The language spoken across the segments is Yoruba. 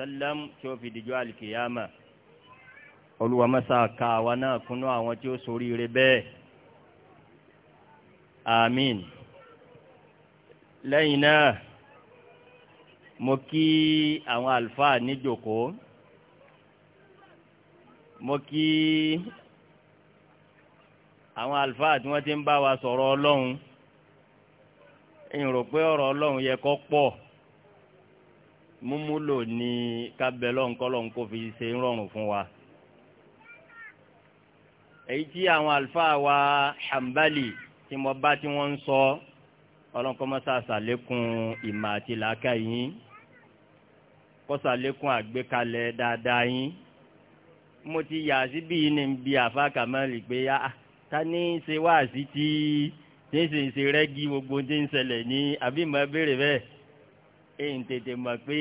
sallam tí ó fi dìjọ́ alìkìyàmà olùwàmásá ka àwa náà kúnú àwọn tí ó soríire bẹ́ẹ̀ àmín lẹ́yìn náà mo kí àwọn àlùfáà níjòkóó mo kí àwọn àlùfáà tí wọ́n ti ń bá wa sọ̀rọ̀ ọlọ́run ìrò pé ọ̀rọ̀ ọlọ́run yẹ kó pọ̀ múmúlò ní kábẹ́lọ́ ńkọ́lọ́ ńkó fi ṣe ń rọrùn fún wa. èyí tí àwọn àlùfáà wa Hanbali tí mo bá tí wọ́n ń sọ ọlọ́nkọ́mọ́sá ṣàlékún ìmọ̀ àti làákà yín kó ṣàlékún àgbékalẹ̀ dáadáa yín mo ti yà síbí ní bí àfa Kàmáàlì pé ah ta ní í ṣe wáàsí tí ṣe ń ṣe rẹ́gí gbogbo tí ń ṣẹlẹ̀ ní àbí mo béèrè bẹ́ẹ̀. ẹ̀yìn tètè mọ̀ pé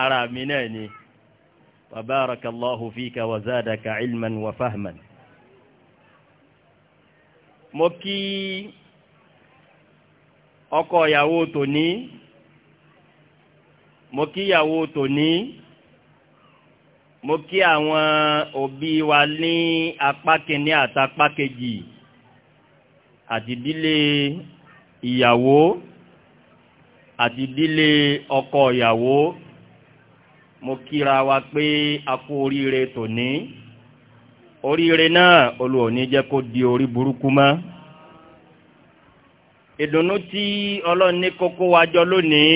ara mi náà ni wa barakallahu fika wa zadaka ilman wa fahman. mo kí ọkọ ìyàwó tòní mo kí ìyàwó tòní mo kí àwọn òbí wa ní apá kìíní àtàpá kejì ìyàwó. àti ìdílé ọkọ ìyàwó mo kíra wa pé a kú oríire tòní oríire náà Olúwa ò ní jẹ́ kó di orí burúkú mọ́ ìdùnnú tí ọlọ́run ní kókó wa jọ lónìí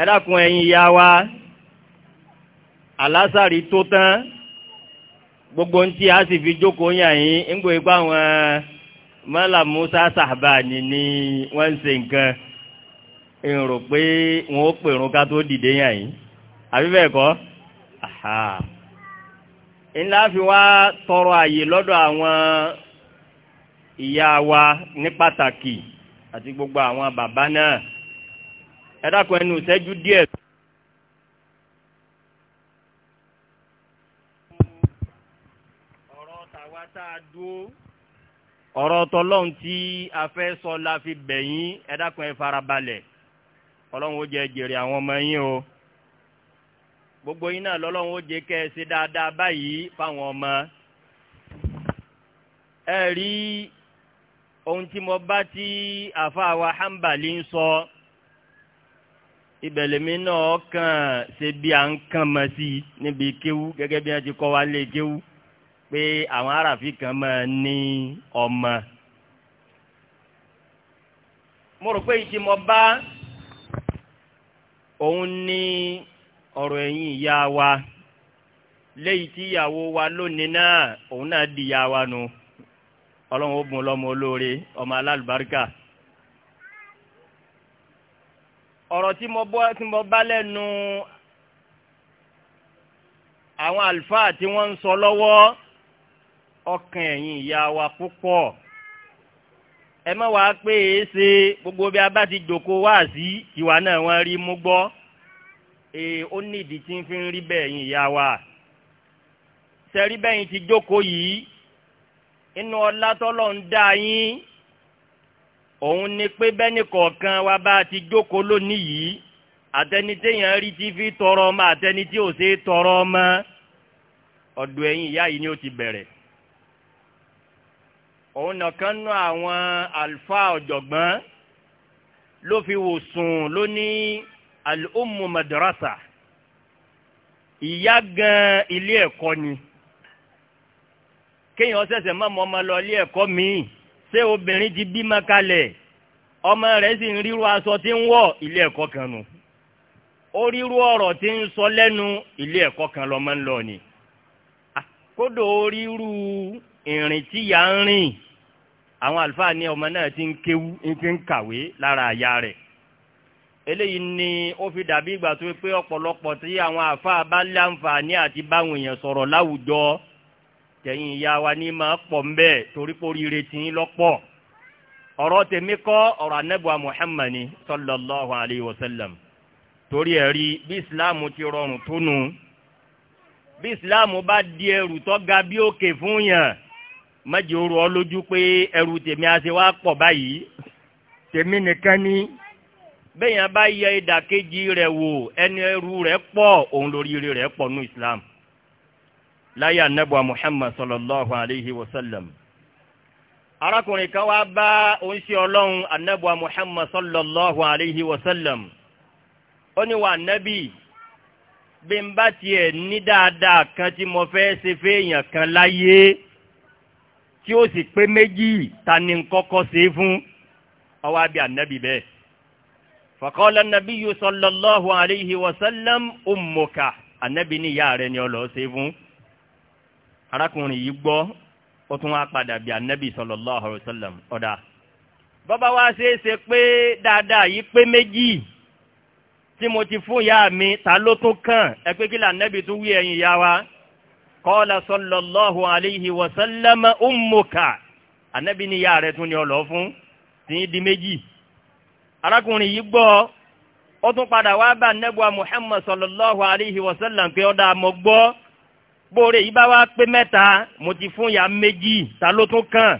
ẹ dákun ẹ̀yin ìyá wa àlásàrí tó tán. gbogbo ntí a sì fi jókòó yàn yín ńgbò ipá wọn mọ́là musa sàbàní ni wọ́n ń ṣe nǹkan èrò pé wọn ó pèrún ká tó dìde yàn yín àbí bẹ́ẹ̀ kọ́ fi wá tọrọ àyè lọ́dọ̀ àwọn ìyá wa ní gbogbo àwọn bàbá náà ẹ dákun ẹnu tá a dúró ọ̀rọ̀ tọlọ́hún tí a fẹ́ sọ la fi bẹ̀yìn ẹ dákun ẹ farabalẹ̀ ọlọ́run ó jẹ jèrè àwọn ọmọ yín o gbogbo yín náà lọ́lọ́run ó jẹ kẹ́ ẹ ṣe dáadáa báyìí fáwọn ọmọ ẹ rí ohun tí mo bá tí àfáà wa Hanbali ń sọ ibẹ̀ lèmi náà kàn ṣe bí à ń kàn mọ̀ sí i níbi kéwú gẹ́gẹ́ bí wọ́n ti kọ́ wa lé kéwú. pé àwọn aráàfi kan máa ní ọmọ mo rò pé ìtì mo bá òun ní ọ̀rọ̀ ẹ̀yìn ìyá wa lẹ́yìn tí ìyàwó wa lónìí náà òun náà di ìyá wa nu ọlọ́run ó bùn lọ́mọ olóore ọmọ alálùbáríkà ọ̀rọ̀ tí mo tí mo bá lẹ́nu àwọn àlùfáà tí wọ́n ọkàn ẹ̀yin ìyá wa púpọ̀ ẹ má wàá pé èé ṣe gbogbo bí a bá ti jòkó wá sí ìwà náà wọ́n rí mú gbọ́ ee ó ní ìdí tí ń fi ń rí bẹ́ẹ̀ yín ìyá wa sẹ́rí bẹ́yìn ti jókòó yìí inú ọlá tọ́lọ̀ ń dá yín òun ni pé bẹ́ẹ̀ni kọ̀ọ̀kan wa bá ti jókòó lónìí yìí àtẹni téèyàn rí tí fi tọrọ ọmọ àtẹni tí ò ṣe é tọrọ ọmọ ọ̀dọ̀ ẹ̀yin ìyá yìí ni ó ti bẹ̀rẹ̀ òun nìkan nú àwọn àlùfáà ọ̀jọ̀gbọ́n ló fi wò sùn ló ní al-ummu madrasa ìyá gan ilé ẹ̀kọ́ ni kéèyàn ṣẹ̀ṣẹ̀ má mọ́ ọmọ lọ ilé ẹ̀kọ́ míì ṣé obìnrin ti bímọ kalẹ̀ ọmọ rẹ̀ sì ń ríru aṣọ tí ń wọ̀ ilé ẹ̀kọ́ kan nù ó ríru ọ̀rọ̀ tí ń sọ lẹ́nu ilé ẹ̀kọ́ kan lọ́mọ ń lọ ni kódò ó ríru ìrìn tíyà ń rìn àwọn àlùfáà ní ọmọ náà ti ń kéwú ti ń kàwé lára àyà rẹ̀ eléyìí ni ó fi dàbí ìgbà tó pé ọ̀pọ̀lọpọ̀ tí àwọn àfáà bá láǹfààní àti báwọn èèyàn sọ̀rọ̀ láwùjọ tẹ̀yìn ìyá wa ní máa pọ̀ ńbẹ́ torí pé oríire tì í lọ́pọ̀ ọ̀rọ̀ tèmi kọ́ ọ̀rọ̀ anábùa Muhammad sallallahu alayhi wa sallam torí ẹ̀ rí bí ìsìláàmù ti rọrùn tó bí ìsìláàmù bá di ẹrù tó ga bí òkè fún yàn mẹ́jì ó rọ ọ lójú pé ẹrù tèmi àti wá pọ̀ báyìí tèmi nìkan ni bẹ́yàn bá yẹ ìdàkejì rẹ̀ wò ẹni ẹrù rẹ̀ pọ̀ òun lórí rẹ̀ pọ̀ ní Islam láyà nẹ́bùà Muhammad sallallahu alayhi wa sallam arákùnrin kan wá bá oníṣẹ́ ọlọ́run anẹ́bùà Muhammad sallallahu alayhi wa sallam ó ní wà nẹ́bì bí n bá tiẹ̀ ní dáadáa kan tí mo fẹ́ ṣe fẹ́ èèyàn kan láyé tí ó sì pé méjì ta ni kọ́kọ́ ṣe fún ọwọ́ abẹ́ ànábì bẹ́ẹ̀. faqala nabiyyu sallallahu alayhi wa sallam ummuka ànábì ní ìyá rẹ̀ ni ọ lọ́ọ́ ṣe fún. arákùnrin yìí gbọ́ ó tún wá padà bí ànábì sallallahu alayhi wa sallam ọ̀dà. bọ́bá wa ṣe é ṣe pé dáadáa yìí pé méjì tí mo ti fún ìyá mi ta ló tún kàn ẹ pé kí làǹdẹ́bì tún wí ẹ̀yìn ìyá wa kọ́lá sallallahu alayhi wa sallam ummuka anabi ni ìyá rẹ̀ tún ni ọlọ́ fún tí ń di méjì arákùnrin yìí gbọ́ ó tún padà wá bá nẹ́bùa muhammad sallallahu alayhi wa sallam pé ọ̀dà mọ̀ gbọ́ bóore yìí bá wá pé mẹ́ta mo ti fún ya méjì ta ló tún kàn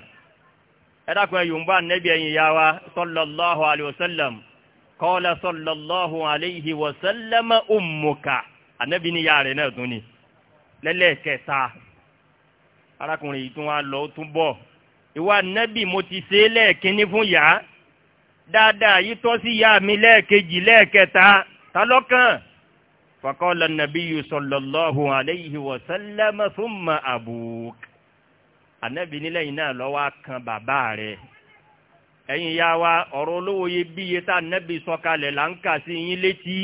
ẹ dákun ẹ yòǹbá nẹ́bí ẹ̀yìn ya wa sallallahu alayhi wa kọ́lá sallallahu alayhi wa lẹ́lẹ́kẹta arákùnrin yìí tún wá lọ tún bọ̀ ìwà nẹ́bì mo ti ṣe é lẹ́ẹ̀kínní fún yá dáadáa yìí tọ́ sí yá mi lẹ́ẹ̀kejì lẹ́ẹ̀kẹta ta lọ́kàn faqala nabiyyu sallallahu alayhi wa sallam thumma abuk ànẹ́bì nílẹ̀ náà lọ́wọ́ kan bàbá rẹ̀ ẹ̀yin yá wa ọ̀rọ̀ olówó yẹ bíye tá ànẹ́bì sọ̀kalẹ̀ là ń kà sí yín létí.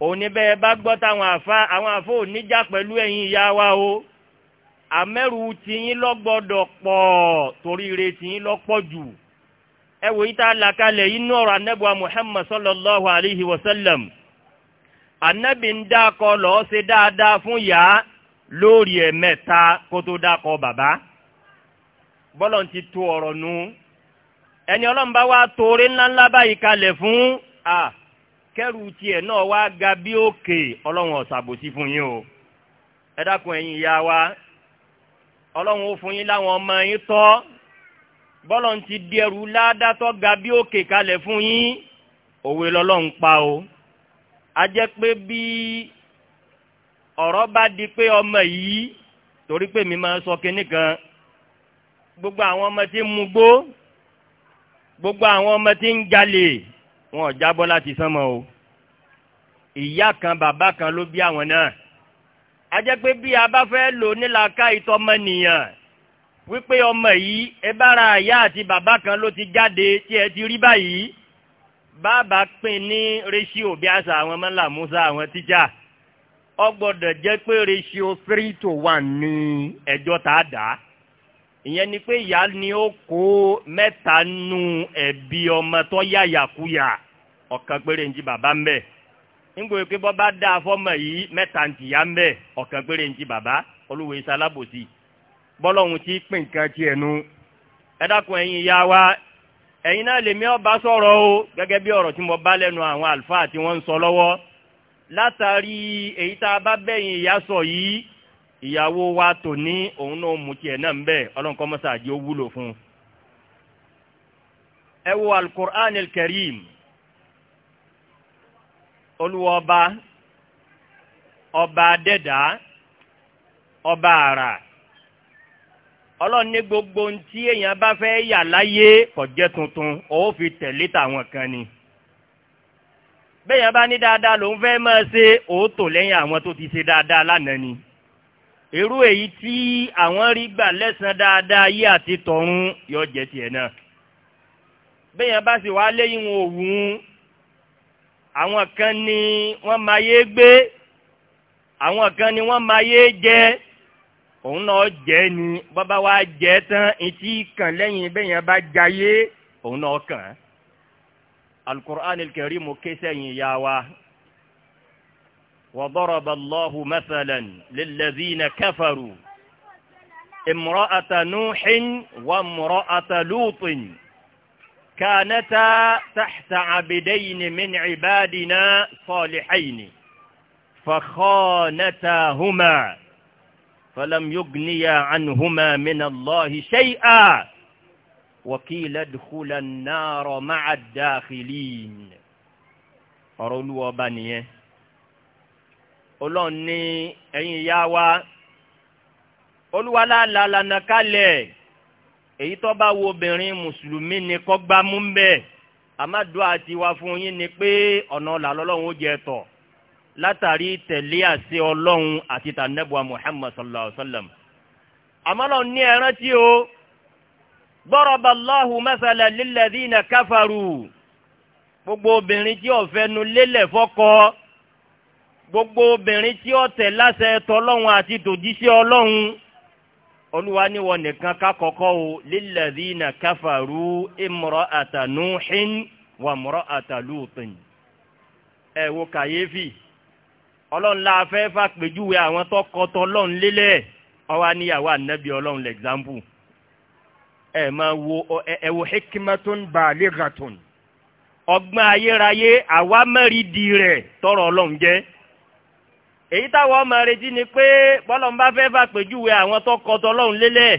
òun ni bẹ́ẹ̀ bá gbọ́ táwọn àfa àwọn àfọ oníjà pẹ̀lú ẹ̀yin ìyá wa o àmẹ́rù tiyín lọ́gbọ́dọ̀ pọ̀ torí ire tiyín lọ́pọ̀ jù ẹ wò yí tá a là kalẹ̀ wa sallallahu alayhi wa sallam ń dákọ lọ ṣe dáadáa fún yá lórí kó tó dákọ bàbá bọ́lọ̀ ti nu ẹni torí ńláńlá báyìí kalẹ̀ fún kẹ́rù tiẹ̀ náà wá ga bí òkè ọlọ́run ọ̀sàbòsí fún yín o ẹ dákun ẹ̀yin ìyá wa ọlọ́run ó fún yín láwọn ọmọ yín tọ́ bọ́lọ̀ ń ti di ẹrù ládàtọ́ ga bí òkè kalẹ̀ fún yín òwe lọ́lọ́run pa o a jẹ́ pé bí ọ̀rọ̀ bá di pé ọmọ yìí torí pé mi máa sọ kinní kan gbogbo àwọn ọmọ tí ń mugbó gbogbo àwọn ọmọ tí ń jalè wọn ò jábọ́ láti sánmọ o ìyá kan bàbá kan ló bí àwọn náà a jẹ́ pé bí a bá fẹ́ lò nílaka ìtọ́mọnìyàn wípé ọmọ yìí ẹ bára ìyá àti bàbá kan ló ti jáde tí ẹ ti rí báyìí bàbá pín ní ratio bí àṣà àwọn mọ́là musa àwọn tíjà ọ gbọ́dọ̀ pé ratio three to one ni ẹjọ́ tá a dà ìyẹn ni pé ìyá ni ó kó mẹ́ta nù ẹ̀bí ọmọ tó yàyàkuyà ọ̀kan péré ń bàbá ń bẹ̀ nígbà yìí mẹ́ta ń bẹ̀ ọ̀kan péré bàbá iṣẹ́ alábòsí bọ́lọ́hún ti pín nǹkan nu ẹ dákun wa náà lèmi ọba sọ̀rọ̀ o bí ọ̀rọ̀ tí mo bá lẹ́nu àwọn àlùfáà tí wọ́n ń sọ lọ́wọ́ látàrí èyí ìyàwó wa tò ní òun náà mú tiẹ̀ náà ń bẹ̀ ọlọ́nkọ́ mọ́sàájì ó wúlò fún un. ẹ wo alukur'an el-karim olùwọ́ba ọba adẹ́dá ọba àrà ọlọ́run ní gbogbo ohun tí èèyàn bá fẹ́ yà láyé kò tuntun ó fi tẹ̀lé tàwọn kan ni bẹ́ẹ̀ yẹn bá ní dáadáa lòun fẹ́ máa ṣe òótọ́ lẹ́yìn àwọn tó ti ṣe dáadáa lánàá ni irú èyí tí àwọn rí gbà lẹ́sàn dáadáa yí àti tọ̀run yóò jẹ́ tiẹ̀ náà bẹ́yẹn bá sì wá léyìn wọn òwun àwọn kan ni wọ́n máa yé gbé àwọn kan ni wọ́n máa yé jẹ òun náà jẹ́ ni bàbá wa jẹ́ tán etí kàn lẹ́yìn bẹ́yẹn bá jayé òun náà kàn án alukur'an kẹrí mo ké sẹ́yìn ìyá wa وضرب الله مثلا للذين كفروا امرأة نوح وامرأة لوط كانتا تحت عبدين من عبادنا صالحين فخانتاهما فلم يغنيا عنهما من الله شيئا وقيل ادخلا النار مع الداخلين ọ̀rọ̀ olúwa ọlọ́run ní ẹ̀yin ìyá wa olúwaláàlá lànà kalẹ̀ èyí tó bá wo obìnrin mùsùlùmí ni kọ́gbá mú bẹ́ẹ̀ àmàdùn àti wá fún yín ni pé ọ̀nà ọ̀là lọ́lọ́run ó jẹ tọ̀ látàrí tẹ̀lé àṣẹ ọlọ́run àti tànẹ́bùà muhammad sallallahu alayhi wa sallam àmọ́lọ́ ní ẹran tí o daraba Allahu mathalan lilladhina kafaru gbogbo obìnrin tí ó fẹnu lélẹ̀ fọ́kọ́ gbogbo obìnrin tí ó tẹ̀ láṣẹ tọlọ́hun àti tòjíṣẹ́ ọlọ́hun olúwa ní wọn nìkan ká kọ́kọ́ o lilladhina kafaru imra'ata Nuhin wa imra'ata Lutin. ẹ wo kàyéfì ọlọ́run la fẹ́ fàpèjúwe àwọn tó kọtọ́ ọlọ́run lélẹ̀ ọwọ́ aníyàwó ànábì ọlọ́run l'example. ẹ máa wo ẹ wo hikmatun balighatun ọgbọ́n ayérayé àwa mẹ́rin tọrọ ọlọ́run jẹ́ èyí táwọn ọmọ retí ni pé bọ́lọ́mbà fẹ́ fàpèjúwe àwọn tọkọ tọlọ́run lélẹ̀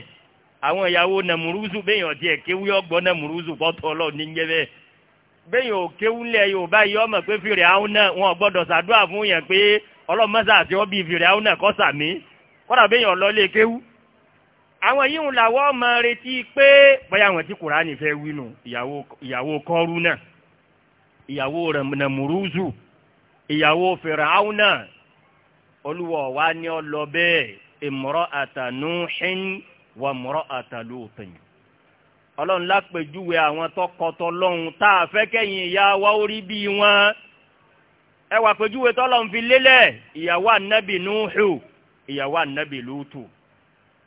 àwọn ìyàwó nàmúrúzù bẹ́yìn ọ̀dí ẹ̀ kéwú ọgbọ́n nàmúrúzù bọ́tọ̀ ọlọ́run ní njẹ́ bẹ́ẹ̀ bẹ́yìn ò kéwú lẹ̀ yorùbá yìí ọmọ pé fìrì àwọn náà wọn gbọ́dọ̀ sàdúrà fún yẹn pé ọlọ́mọsà àti ọbí fìrì àwọn náà kọ́ sàmí kọ́dà bẹ́yìn ọlọ́lé kéwú. àwọn yìí ń làwọ́ ọmọ retí pé bóyá àwọn tí kùránì fẹ́ ìyàwó kọ́rú àwọn náà olúwa wa ni ọ lọ bẹ́ẹ̀ imra'ata Nuhin wa imra'ata Lutin. ọlọ́run lápèjúwe àwọn tọkọtọ lọ́hùn tá a fẹ́ kẹ́yìn ìyá wa ó rí bí wọn. ẹ wà pèjúwe tọ́lọ́run fi lélẹ̀ ìyàwó ànábì Nuhu ìyàwó ànábì Lutu.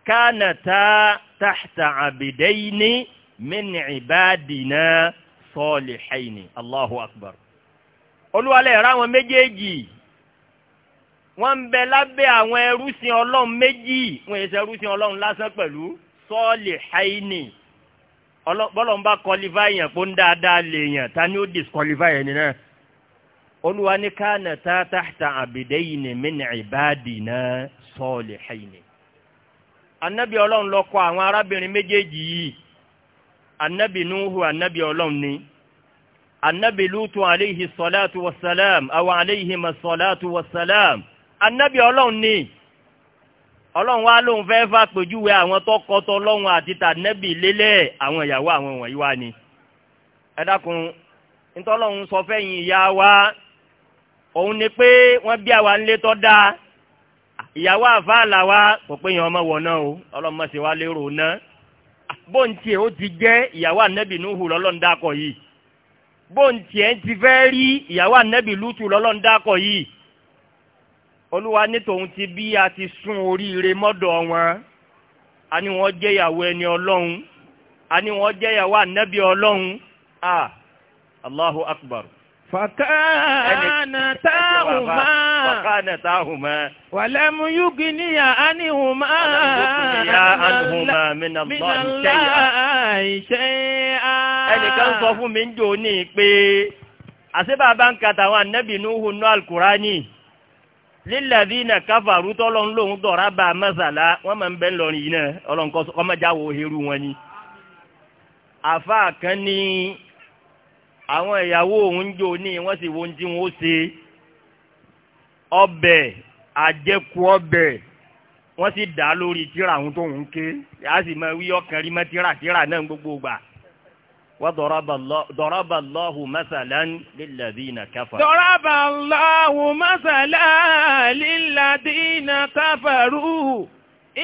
kanata tahta abidayni min ibadina salihayni Allahu akbar. olúwa lè àwọn méjèèjì wọ́n ń bẹ lábẹ́ àwọn ẹrúsìn ọlọ́run méjì wọ́n èsì ẹrúsìn ọlọ́run lásán pẹ̀lú sọ́ọ̀lì haini bọ́lọ̀n bá kọlifá èèyàn pé ń dáadáa lè èèyàn ta ni ó disqualify ẹni náà olúwa ní káànà tá tàhtà àbìdẹ́yìn ní mí ní ìbáàdì náà sọ́ọ̀lì haini. anabi ọlọ́run ló kọ àwọn arábìnrin méjèèjì yìí anabi nuhu anabi ọlọ́run ni anabi lutu alayhi salatu wa salam awa alayhi ma salatu wa salam anabi ọlọ́run ni ọlọ́run wa lóun fẹ́ fàpèjúwe àwọn tọkọtọ ọlọ́run àti tànẹ́bì lélẹ̀ àwọn ìyàwó àwọn wọ̀nyí wa ni ẹ dákun ntọ́lọ́run sọ fẹ́yìn ìyá wa òun ni pé wọ́n bí àwa ńlẹ́ tọ́ da ìyàwó àfàlà wa kò pé yẹn ọmọ wọ̀ náà o ọlọ́run mọ̀sẹ̀ wa lérò náà bóńtì ó ti jẹ́ ìyàwó ànẹ́bì Nuhu lọ́lọ́run dákọ̀ yìí bóńtì ẹ̀ ti fẹ́ rí ìyàwó ànẹ́bì Lútù lọ́lọ́run dákọ̀ yìí olúwa ní ti bí a ti sún oríire mọ́dọ̀ wọn a ní wọ́n jẹ́yàwó ẹni ọlọ́run a ní wọ́n jẹ́yàwó ànábì ọlọ́run a allahu akbar. fakana tahuma fakana tahuma. wàlámù yúgi níyà ánìhùmá. wàlámù yúgi níyà ánìhùmá minallah shay'a. ẹnìkan sọ fún mi ń jò ní pé àṣẹ bàbá ń kàtàwọn Nuhu nù ni. lílàdínà káfàrú tọ́lọ́n lòún dọ̀rá bá mẹ́sàlá wọ́n máa ń bẹ́ lọ́rin yìí náà ọlọ́nkọ́ ọmọdéjáwò heru wọn ni. àfa kan ní àwọn ìyàwó òun jò ní wọ́n sì wo ohun tí wọ́n ṣe ọbẹ̀ àjẹkù ọbẹ̀ wọ́n sì dá lórí tíra àwọn tóun ké a máa wí ọkàn rí mọ́ tíra tíra náà gbogbo gbà. وضرب الله ضرب الله مثلا للذين كفروا ضرب الله مثلا للذين كفروا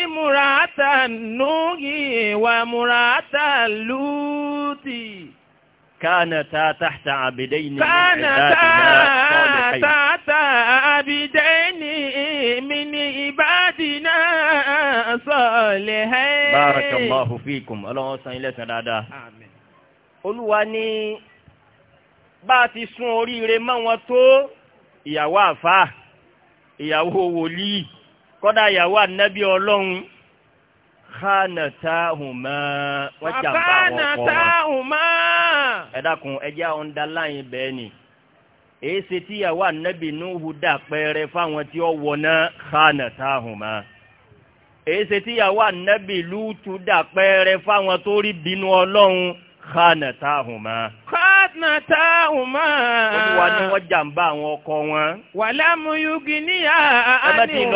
امرأة نوح وامرأة لوط كانتا تحت عبدين كانتا تحت عبدين من عبادنا صالحين بارك الله فيكم الله سبحانه وتعالى olúwa ní bá a ti sún oríire mọ́ tó ìyàwó àfáà ìyàwó wòlíì kọ́dà ìyàwó ànábì ọlọ́run khanatahuma wọ́n jà bá wọn kọ́ ẹ dákun ẹjẹ́ ọ̀ndàláyìn bẹ́ẹ̀ ni èyí ṣe tí ìyàwó ànábì Nuhu dà fáwọn tí ó wọ̀ náà khanatahuma èyí ṣe tí ìyàwó ànábì Lútù dà fáwọn tó rí bínú ọlọ́run. khanatahuma. khanatahuma. olùwà ni wọ́n jamba àwọn ọkọ wọn. Wala yugi níyà ánìmọ́. ẹ ni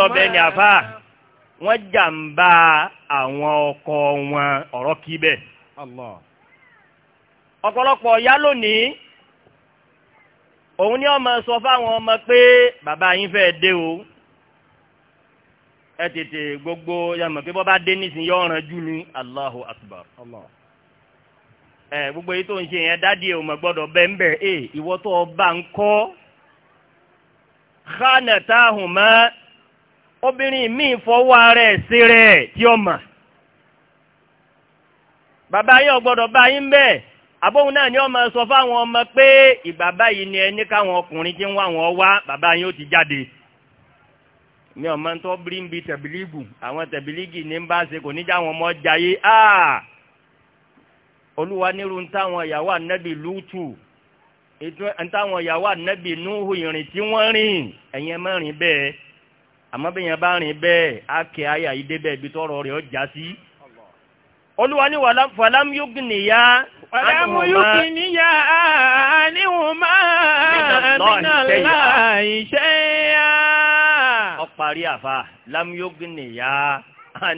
wọ́n àwọn ọkọ wọn ọrọ kí ọ̀pọ̀lọpọ̀ ya loni. òun ni ọmọ sọ fáwọn ọmọ pé bàbá o gbogbo Allahu ẹ eh, gbogbo èyí tó ń ṣe yẹn dádìí ò mọ̀ gbọ́dọ̀ bẹ́ẹ̀ ń bẹ̀ ẹ eh, ìwọ tó o bá ń kọ́ khanatahun mọ́ obìnrin míì fọwọ́ ara sí rẹ̀ tí ó mọ̀ bàbá yín ò gbọ́dọ̀ bá yín bẹ́ẹ̀ àbóhun náà ni ó máa sọ fáwọn ọmọ pé ìgbà báyìí ni ẹni káwọn ọkùnrin tí ń wá wọn wá bàbá yín ó ti jáde ní ọmọ tó bí ń bi tẹ̀bílígù àwọn tẹ̀bílígì ní ń ṣe kò ní já wọn mọ́ jayé áà. Ah! olúwa nírú táwọn ìyàwó ànábì lútù táwọn ìyàwó ànábì núhù ìrìn tí wọ́n rìn ẹ̀yin ẹ má rìn bẹ́ẹ̀ àmọ́ bẹ́ẹ̀ yẹn bá rìn bẹ́ẹ̀ á kẹ́ àyà yìí débẹ̀ ibi tọ́rọ̀ rẹ̀ ó já sí. olúwa ní wàlámù yóò gbìn níyà wàlámù yóò fi níyà níwọ̀n máa nínà láìṣẹ́ yá. ọparí àfa lámú yóò gbìn níyà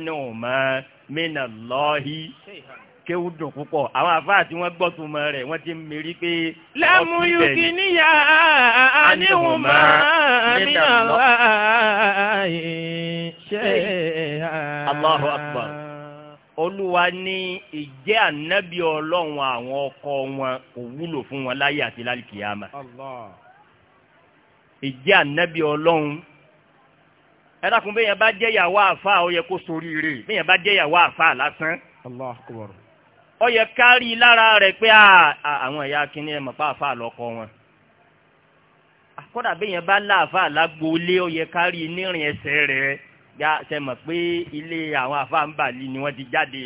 níwọ̀n máa mínà lọ́hí kéwù púpọ̀ àwọn àfáà tí wọ́n gbọ́ túmọ̀ rẹ̀ wọ́n ti mérí pé. lámúyù kì níyà àníwò máa mi àwa ṣe é. Allahu olúwa ní ìjẹ́ ànábì ọlọ́run àwọn ọkọ wọn kò wúlò fún wọn láyé àti lálùkìyàmà. ìjẹ́ ànábì ọlọ́run ẹ̀dàkùn bẹ́yẹn bá jẹ́ yàwó àfáà ó yẹ kó soríire bẹ́yẹn bá jẹ́ yàwó àfáà lásán. Allahu akbar ó yẹ kárí lára rẹ̀ pé ah, ah, àwọn ẹ̀yà kìíní ẹ̀ mọ̀ pa àfa àlọ́kọ wọn. àkọ́dà ah, bẹ́yẹn bá láàfà lágboolé ó yẹ kárí nírìn ẹsẹ̀ rẹ̀ ya ṣe mọ̀ pé ilé àwọn àfa ń bàlí ni wọ́n ti jáde.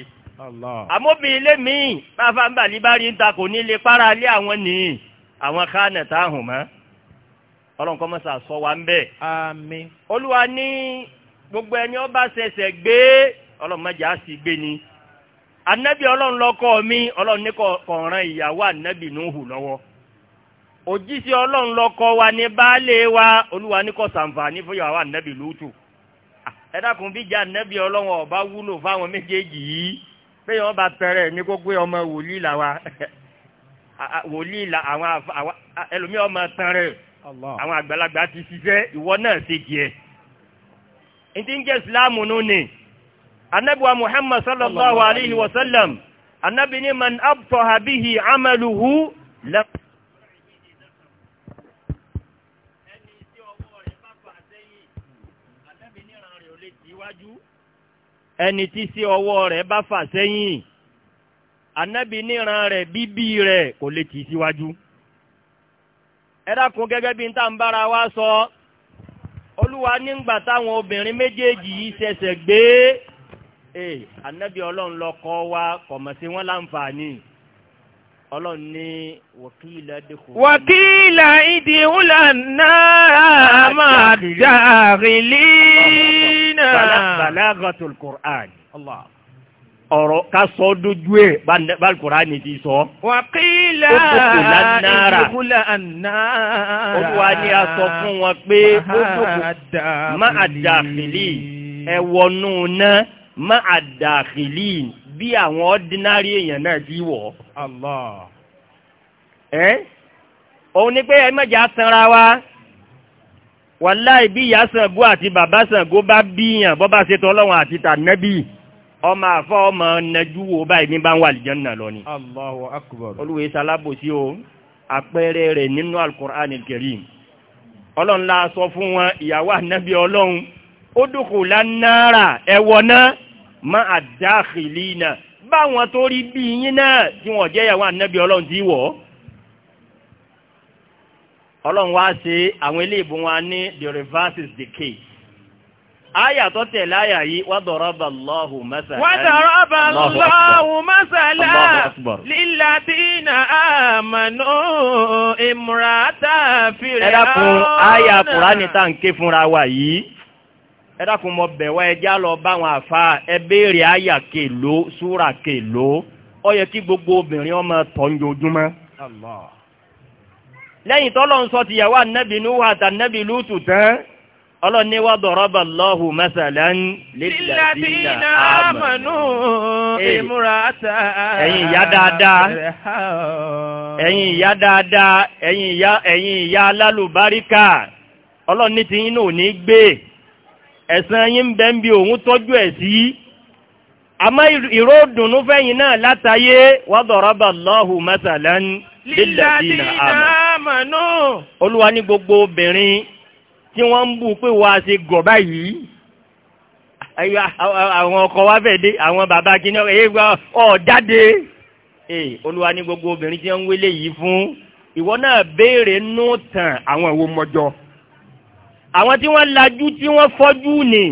àmóbi ilé míì bá àfa ń bàlí bá rí ń ta kò ní lè para ilé àwọn nìyí àwọn kánà tá a hùn mọ́ ọlọ́run kọ́ mọ́sà sọ wa ń bẹ̀. àmín. olúwa ní gbogbo ẹni ó bá ṣẹ̀ṣẹ̀ gbé ọlọ́run mọ́jà á gbé ni. anabi ọlọ́run lọ́kọ́ mi ọlọ́run ní kọ̀ọ̀ràn ìyàwó anabi nùhù lọ́wọ́ òjíṣẹ́ ọlọ́run lọ́kọ́ wa ní baálé wa olúwa ní anabi ẹ dákun bí ìjà anabi ọba wúlò fáwọn méjèèjì yìí pé wọn bá tẹrẹ ní kó ọmọ wòlíì là wa wòlíì là àwọn ẹlòmíràn ọmọ tẹrẹ àwọn àgbàlagbà ti ṣiṣẹ́ ìwọ náà ṣe jẹ ẹ ní ti ń jẹ́ ìsìlámù nù anabi wa muhammad sallallahu alayhi wa sallam anabi ni man abtaha bihi amaluhu la. ẹni tí sí ọwọ́ rẹ̀ bá fà sẹ́yìn anabi níran rẹ̀ bíbí rẹ̀ kò lè tì síwájú. ẹ gẹ́gẹ́ bí n tá n bára wa sọ olúwa nígbà táwọn obìnrin méjèèjì yìí ṣẹ̀ṣẹ̀ gbé ee eh, anabi ọlọ́run lọ́kọ́ wa kọ̀mọ̀sí wọn láǹfààní ọlọ́run ní wàkílà dìkù. wàkílà ìdí ńlá náà máa jàrìlì náà. balagatul Qur'an. Allah ọ̀rọ̀ sọ dójú ẹ̀ bálkùrá ní ti sọ. wàkílà ìdúgbùlà náà. olúwa ni a sọ fún wọn pé ó dókòó má àdàfìlì ẹ̀wọ̀nù náà má àdàkìlì bí àwọn ordinary èèyàn náà ti wọ̀ Allah ẹ́ òun ni pé ẹ mẹ́jẹ̀ á sanra wa wàláì bí ìyá Ṣàngó àti bàbá Ṣàngó bá bíyàn bọ́ bá ṣe tọ́lọ́wọ̀n àti tànẹ́bì ọmọ àfọ́ ọmọ nẹjú wo báyìí ní bá ń wà lìjọ́nà lọ ni. olùwé sálábòsí o àpẹẹrẹ rẹ̀ nínú Al-Qur'an ọlọ́run la sọ fún wọn ìyàwó ànábì ọlọ́run udkhula an-nara ẹ̀wọ̀ náà má ad-dakhilina báwọn tó rí bí yín náà tí wọ́n jẹ́ ìyàwó ànábì ọlọrun ti wọ. ọlọrun wá ṣe àwọn eléèbó wa ní the reverse is the case aya tó tẹ̀lé aya yìí wa daraba Allahu masalan. wa daraba Allahu masalan lilladhina amanu imrata Fir'aun. ẹ dákun aya Kùránì tá à ń ké fúnra wa yìí. ẹ dákun mọ bẹ̀wọ́ ẹjá lọ bá àfa ẹ àyà kèló súra kèló ó yẹ kí gbogbo obìnrin ọmọ tọ́njojúmọ́. lẹ́yìn tọ́lọ́ ń sọ tìyàwó ànábì nuhu àtànábì lùtù tán ọlọ́ni wà dọ̀rọ́bà lọ́hù mẹ́sàlán lílàdínà àmànú ìmúrata ẹ̀yin ìyá dáadáa ẹ̀yin ìyá dáadáa ẹ̀yin ìyá alálùbáríkà ọlọ́ni tí inú ò ní gbé ẹ̀san yín bẹ́ ń bi òun tọ́jú ẹ̀ sí àmọ́ ìró dùnú fẹ́yìn náà látàyé wàdọ̀rọ̀bà lọ́hùn mẹ́tàlán lílàdínà àmọ́ olúwa ní gbogbo obìnrin tí wọ́n ń bú pé wà á ṣe gọ̀ báyìí àwọn ọkọ wa fẹ́ dé àwọn bàbá kí ní ọ̀ jáde eh, olúwa ní gbogbo obìnrin tí wọ́n ń wélé yìí fún ìwọ náà béèrè nù tàn àwọn ìwo mọ́jọ́ àwọn tí wọ́n lajú tí wọ́n fọ́jú ni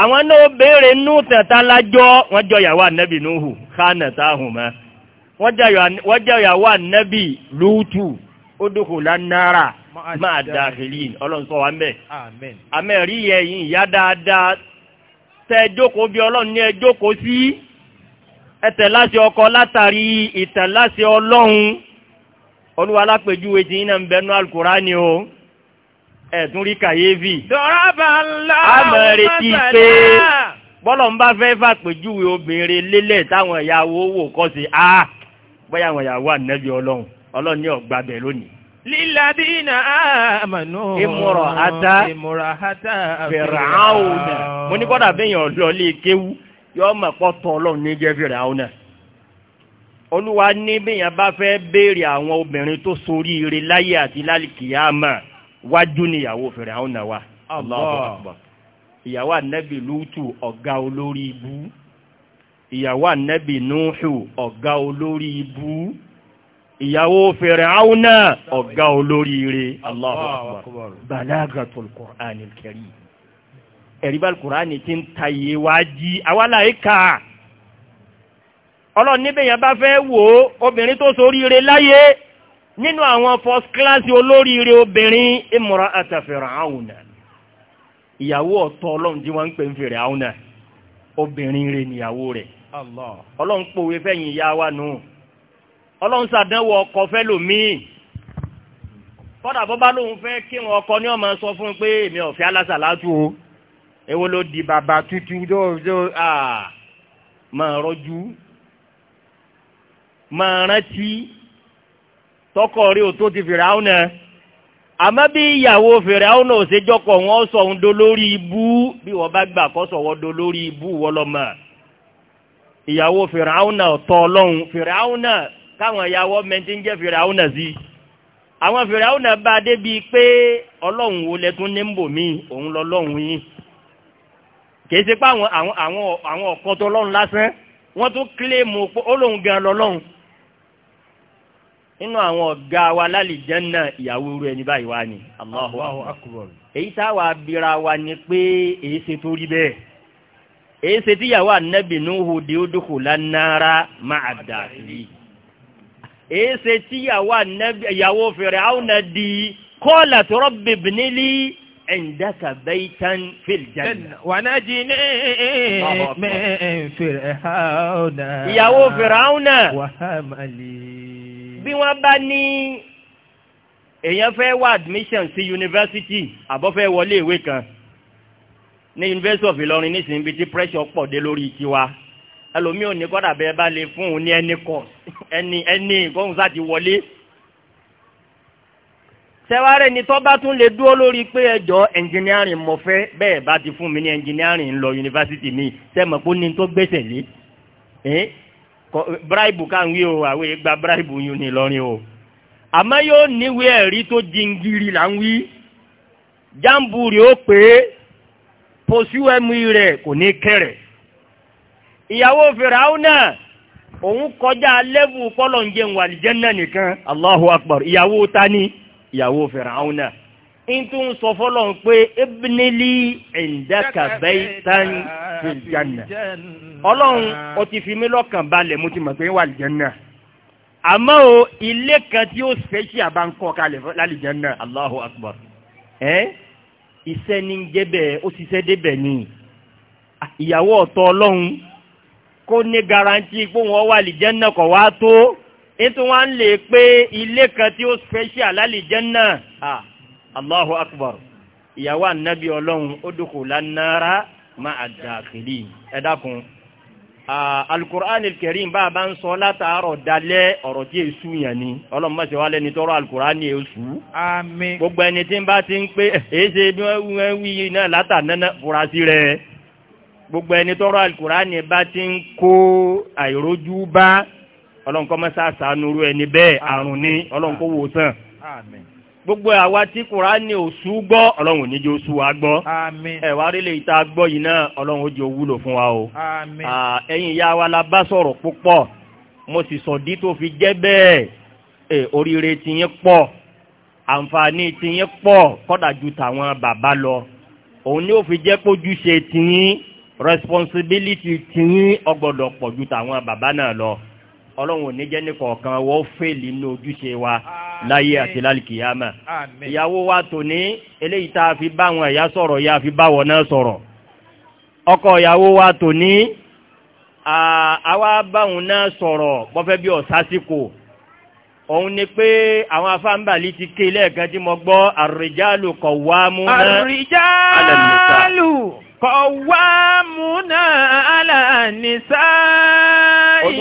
àwọn náà béèrè nú tẹ̀ta lájọ́ wọ́n jọ yàwó ànẹ́bì núhù khánatahuma wọ́n jọ yàwó ànẹ́bì lútù ó dókò lánàárà máa dàkìlín ọlọ́run sọ wa ń bẹ̀. àmẹ́rí ẹ̀yìn ìyá dáadáa tẹ́ ẹ jókòó bí ọlọ́run ní ẹ jókòó sí ẹtẹ̀ láti ọkọ látàrí ìtẹ̀ láti ọlọ́run olúwa lápèjúwe ti yín náà ń bẹnu alukurani o ẹ̀tún rí kàyéfì. dọ́rọ́bà ńlá ọmọ retí pé bọ́lọ̀ ń bá fẹ́ fàpèjúwe obìnrin lélẹ̀ táwọn ìyàwó wò kọ́ sí a bóyá àwọn ìyàwó ànẹ́bí ọlọ́run ọlọ́run ní ọ̀gbàbẹ̀ lónìí. lílàdínà àmànú ìmúra ata fìràáhùn mo ní kọ́dà bẹ́yìn ọ̀dọ́ lè kéwú yọ ọmọ pọ́ tọ́ ọlọ́run ní jẹ́ fìràáhùn náà olúwa ní bẹ́yìn bá fẹ́ béèrè àwọn obìnrin tó soríire láyé àti lálìkìyàmà wájú ni ìyàwó Fíráúnà náà wà. Allahu Akbar. ìyàwó ànẹ́bì lútù ọ̀gá olórí ibú ìyàwó ànẹ́bì núhù ọ̀gá olórí ibú ìyàwó Fíráúnà náà ọ̀gá olórí ire. Allahu Akbar. balagatul Qur'anil Karim ẹ̀ríbàl kùránì tí ń ta iye wá jí awálà ìka ọlọ́run níbẹ̀ yẹn bá fẹ́ wò ó obìnrin tó soríire láyé nínú àwọn first class olóríire obìnrin imura atafẹ̀rẹ̀ àwùnà ìyàwó ọ̀tọ̀ ọlọ́run tí wọ́n ń pè ń fèrè àwùnà obìnrin rẹ̀ níyàwó rẹ̀ ọlọ́run pòwe fẹ́yìn ìyá wa nù ọlọ́run sàdánwò ọkọ fẹ́ lòmíì kọ́dà bọ́ bá lóun fẹ́ kí wọn ọkọ ní ọmọ sọ fún un pé èmi ọ̀fẹ́ alásàlátù o èwo ló di bàbá tútù tó tó máa rọjú máa rántí tọkọ rí o tó ti fìràwọn náà àmọ́ bí ìyàwó fìràwọn náà ṣe jọkọ̀ wọn sọ òun do lórí ibú bí wọ́n bá gbà kọ́ sọ wọ́n do lórí ibú wọ́n lọ mọ̀ ìyàwó fìràwọn náà tọ́ ọlọ́run fìràwọn náà káwọn ìyàwó mẹ́tí ń jẹ́ fìràwọn náà sí àwọn fìràwọn náà bá débi pé ọlọ́run wo lẹ́tún ní mbòmí òun lọ́lọ́run yín kì í ṣe pé àwọn àwọn àwọn ọ̀kọ́tọ̀ ọlọ́run lásán wọ́n tún kílèmù olóhùn gan lọ́lọ́run inú àwọn ọ̀gá wa lálìjẹ́nà ìyàwó rẹ̀ ní báyìí wá ni Allahu akbar èyí táwa abira wa ni pé èyí ṣe tó rí bẹ́ẹ̀ èyí ṣe tíyàwó ànábì Nuhu di ó dúkù lánàárá kọ́ọ̀lá tó rabbi ibni li عندك بيتا في الجنة ونجني من فرعون ìyàwó Fíráúnà bí wọ́n bá ní èèyàn fẹ́ wá admission sí yunifásitì àbọ̀fẹ́ wọlé ìwé kan ní University of Ìlọrin nísìnyí ti pressure pọ̀ dé lórí tiwa ẹlòmíì ò ní kọ́dà bẹ́ẹ̀ bá lè fún un ní ẹni kọ̀ ẹni ẹni ìkọ́hún sáà ti wọlé sẹwárẹ ni tọ́ba tún lè dúró lórí pé ẹjọ́ ẹnjìnírìn mo fẹ́ bẹ́ẹ̀ bá ti fún mi ní ẹnjìnírìn ń lọ yunifásitì mi sẹ́mọ̀ pé ó ní tó gbèsè lé bíráìbù káwí o àwọn ìgbà bíráìbù yìí ní lọ́rin o àmọ́ yóò níwèé ẹ̀rí tó jingiri là ń wí jambu rẹ̀ ó pé pòṣùwẹ̀mí e rẹ̀ kò ní kẹrẹ̀ ìyàwó fìràwọ́ náà òun kọjá lẹ́bù kọ́lọ̀ ń jẹun wàlìjẹ́ náà nìkan Allahu Akbar ìyàwó ta ni ìyàwó ntú ń sọ fọlọ́ ń pé ebinili ẹ̀ńdàkàbẹ́ tán fi jànà ọlọ́run ó ti fi mí lọ́kàn balẹ̀ mo ti mọ̀ pé wà lìjẹ́nà àmọ́ o ilé kan tí ó ṣẹ́ṣì àbáńkọ́ kalẹ̀ lálìjẹ́nà Allahu Akbar ẹ́ iṣẹ́ ní jẹ́bẹ̀ ó ṣiṣẹ́ débẹ̀ ni ìyàwó ọ̀tọ̀ ọlọ́run kó ní garanti pé wọ́n wà lìjẹ́nà kọ̀ wá tó ètò wọn lè pé ilé kan tí ó ṣẹ́ṣì àlálìjẹ́nà ah. Allahu akbar ìyàwó ànábì ọlọ́run ó dùkù lánàárá má àdàkìlì ẹ̀dàkùn alukur'an kẹrin bá a bá ń sọ látàárọ̀ dalẹ́ ọ̀rọ̀ tí èsù yẹn ni ọlọ́run mọ̀sẹ̀ wálé ní tọrọ alukur'an ni èsù. àmín. gbogbo ẹni tí ń bá ti ń pé èsè bí wọ́n wí náà látànánà furasí rẹ̀ gbogbo ẹni tọrọ alukur'an bá ti ń kó àìrójú bá ọlọ́run kọ́ mọ́sá sànúrú ẹni bẹ́ẹ̀ àrùn ni ọlọ́run kó wò sàn gbogbo àwa tí kùránì òsú gbọ́ ọlọ́run níjó sú wa gbọ́ ẹ̀wà rí lè ta gbọ́ yìí náà ọlọ́run ó jẹ́ òwúlò fún wa o ẹ̀yin ìyá wa la bá sọ̀rọ̀ púpọ̀ mo sì sọ̀dí tó fi jẹ́ bẹ́ẹ̀ oríire ti yín pọ̀ àǹfààní ti yín pọ̀ kọ́dà ju tàwọn bàbá lọ òun ni ó fi jẹ́ pójúṣe ti yín responsibility ti yín ọgbọ́dọ̀ pọ̀ ju tàwọn bàbá náà lọ ọlọ́run ò ní jẹ́ nìkọ̀ọ̀kan wọ́n fèlì nínú ojúṣe wa láyé àti lálìkìyàmà ìyàwó wa tò ní eléyìí tá a fi bá wọn ìyá sọ̀rọ̀ ìyá fi bá wọn náà sọ̀rọ̀ ọkọ ìyàwó wa tò ní àwa báwọn náà sọ̀rọ̀ bọ́fẹ́ bí ọ̀sásìkò òun ni pé àwọn afáǹbàlì ti ké lẹ́ẹ̀kan tí mo gbọ́ àrìjálù kọ̀wámúná àrìjálù kọ̀wámúná alànìsá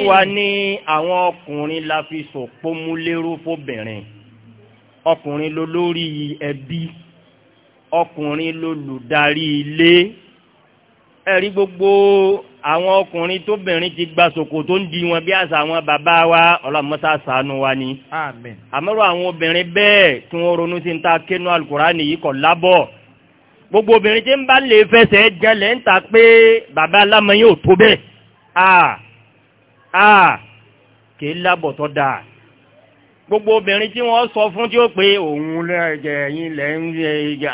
olúwa ní àwọn ọkùnrin la fi sòpó mú lérú fóbìnrin ọkùnrin ló lórí ẹbí ọkùnrin ló lùdarí ilé ẹ̀rí gbogbo àwọn ọkùnrin tóbìnrin ti gba sòkò tó ń di wọn bí àṣà àwọn bàbá wa ọlọ́mọ́sá sànú wa ni àmín àmọ́rọ̀ àwọn obìnrin bẹ́ẹ̀ tí wọ́n ronú sí ń ta kínú Al-Kùránì yìí kọ̀ lábọ̀ gbogbo obìnrin tí ń bá lè fẹsẹ̀ jẹlẹ̀ ń ta pé bàbá alámọ yóò tó bẹ́ẹ̀ a kìí lábọ̀ tó dáa gbogbo obìnrin tí wọ́n sọ fún tí ó pé òun lẹ́jẹ̀ yín lẹ́ ń yẹ ìjà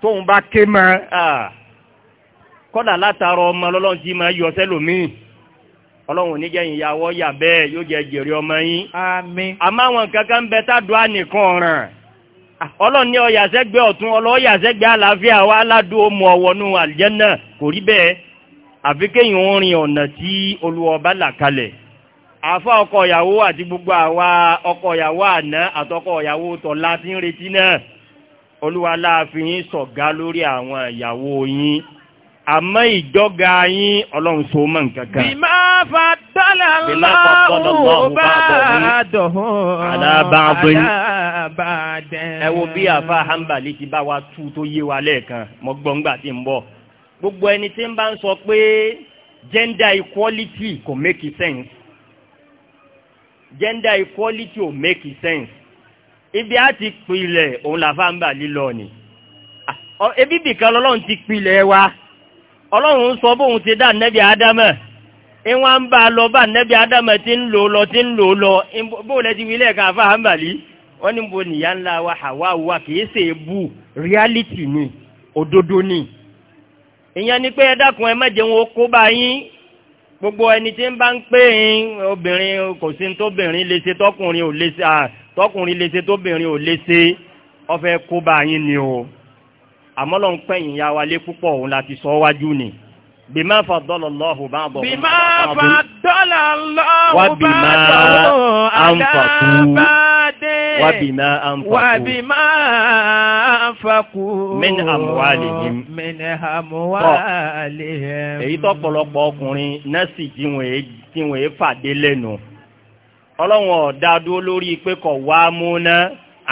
tóun bá ké mọ́ a kọ́dà látara ọmọ lọ́lọ́run tí máa yọ sẹ́lòmíì ọlọ́run níjẹ́ ìyàwó yà bẹ́ẹ̀ yóò jẹ jèrè ọmọ yín àmín àmọ́ àwọn kankan bẹ tádùá nìkan ọ̀ràn ọlọ́run ní ọ̀yàsẹ́gbẹ́ ọ̀tún ọlọ́ọ̀yàsẹ́gbẹ́ àlàáfíà wa aládùn ọmọ ọ̀wọ́nú àlìjẹ́ náà kò rí bẹ́ẹ̀ àfi kéyìn rin ọ̀nà tí olùwọ̀ba là kalẹ̀ ọkọ ìyàwó àti gbogbo àwa ọkọ ìyàwó àná àtọkọ̀ ìyàwó tọ̀la ti ń retí náà olúwa láàfin sọ̀gá lórí àwọn ìyàwó yín àmọ́ ìjọ́ga yín ọlọ́run so mọ́ nǹkan kan. bímọ fàtàlà bá dọ̀hún ẹ wo bí àfa hanbali ti bá wa gbogbo ẹni tí ń bá ń sọ pé gender equality kò make sense gender equality ò make sense ibi a ti pilẹ̀ òun làfa ń bà lílọ ni ah, ebi bìkan lọ́lọ́run ti pilẹ̀ wa ọlọ́run sọ bóun ti dá nẹ́bí ádámẹ̀ ìwọ̀n ń bá a lọ bá nẹ́bí ádámẹ̀ ti ń lọ ti ń lọ bóun lẹ́ ti ń bà lí wa wa kì í ṣe é bu reality ni ìyẹn ni pé ẹ dákun ẹ má jẹ́ wọn kó bá yín gbogbo ẹni tí ń bá ń pè yín obìnrin kò sí tóbìnrin lè ṣe tọkùnrin ò lè ṣe tọkùnrin lè ṣe tóbìnrin ò lè ṣe ọfẹ kó bá yín ni o àmọ́ lọ́n pẹ̀yìn ya wa púpọ̀ òun láti sọ wájú ni bima faddala Allahu ba'dahum bima faddala Allahu wa bima anfaqu wa bima anfaqu wa bima anfaqu min amwalihim min amwalihim èyí tó pọ̀lọpọ̀ ọkùnrin nẹ́sì tí wọ́n é fàdé lẹ́nu ọlọ́run ọ̀dá dúró lórí pé kọ̀ wá múná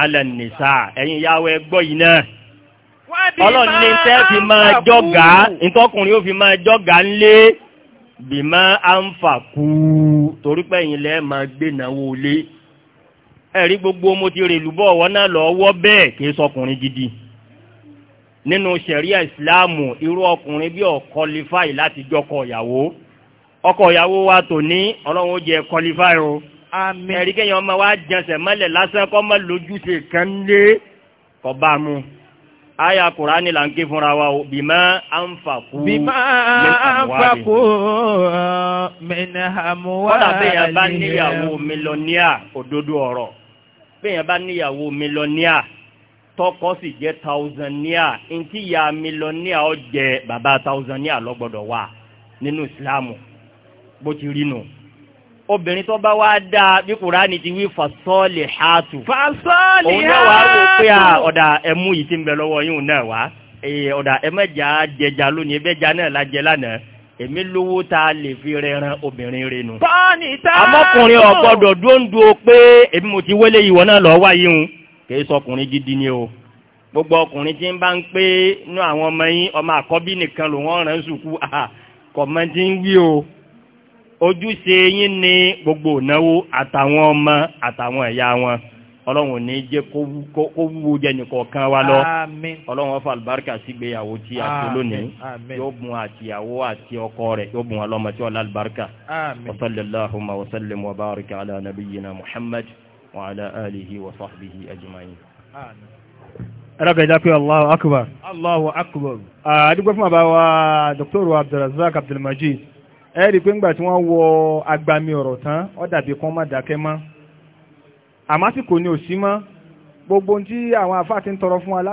alẹ́ nìsà ẹ̀yin yàwó ẹgbọ́ yìí náà ọlọ́run ní tẹ́ fi máa jọ́gà ìtọ́kùnrin ó fi máa jọ́gà ńlé bìmá àǹfà kú torí pé ẹ̀yin lẹ máa gbé náwó lé ẹ̀rí gbogbo mo ti rèlú bọ̀ ọ̀wọ́ náà lọ ọwọ́ bẹ́ẹ̀ kì í sọkùnrin gidi nínú ṣẹ̀ríà ìsìláàmù irú ọkùnrin bí ó qualify láti jọkọ ìyàwó ọkọ ìyàwó wa tò ní ọlọ́run ó jẹ qualify o ẹ̀rí kéèyàn máa wá jẹsẹ̀ mọ́lẹ̀ lásán kọ́ mọ́ lójúṣe kan lé kọ́ bá a mú. Aya Kùránì là ń ké fúnra wa o, bima anfaqu. Bima anfaqu min amwalihim. Kọ́dà bẹ́yàn bá níyàwó mílọ́níà òdodo ọ̀rọ̀. Bẹ́yàn bá níyàwó mílọ́níà tọkọ sì jẹ́ tàùzàníà ntí ya mílọ́níà ó jẹ bàbá tàùzàníà lọ́gbọ́dọ̀ wà nínú Ìsìlámù bó ti rí nù. No obìnrin tó bá wá dáa bí kùránì ti wí fàṣọ́lì hátù fàṣọ́lì hátù òun náà wá wò pé ọ̀dà ẹmú yìí ti ń bẹ lọ́wọ́ la jẹ lánàá èmi lówó ta lè fi rẹran obìnrin rẹ nù. tọ́ni tá a. amọ́kùnrin ọ̀gbọ́dọ̀ dóńdó pé èmi mo ti wélé ìwọ náà lọ́ọ́ wáyé hun kì í sọkùnrin gidi ni o gbogbo ọkùnrin tí ń bá ń pé inú àwọn ọmọ yín ọmọ àkọ́bí nìkan lòun ọ̀ràn sùkú àkọ́mọ́dé ń wí o ojúṣe yín ni gbogbo ìnáwó àtàwọn ọmọ àtàwọn ẹ̀yà wọn ọlọ́run ní jẹ́ kó wúwo jẹnìkọ̀ kan wa lọ ọlọ́run fa àlùbáríkà sígbéyàwó tí a tó lónìí yóò bùn àtìyàwó àti ọkọ rẹ̀ yóò bùn ọlọ́mọ tí ọlá àlùbáríkà wasallallahu ma wasallim wa barika ala nabiyyina muhammad wa ala alihi wa sahbihi ajma'in. ẹ̀rọ̀gbẹ̀ allahu akbar. allahu akbar. àdúgbò fún àbáwá dr abdulrazak abdulmajid ẹ rí i pé ńgbà tí wọ́n wọ agbami ọ̀rọ̀ tán ó dàbí kán má dákẹ́ mọ́ àmásìkò ni ò sí mọ́ gbogbo tí àwọn àfáà ti ń tọrọ fún wa